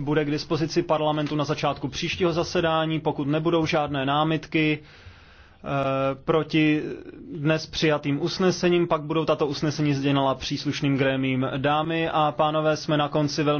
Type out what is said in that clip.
bude k dispozici parlamentu na začátku příštího zasedání, pokud nebudou žádné námitky eh, proti dnes přijatým usnesením, pak budou tato usnesení sdělena příslušným grémím. Dámy a pánové, jsme na konci velmi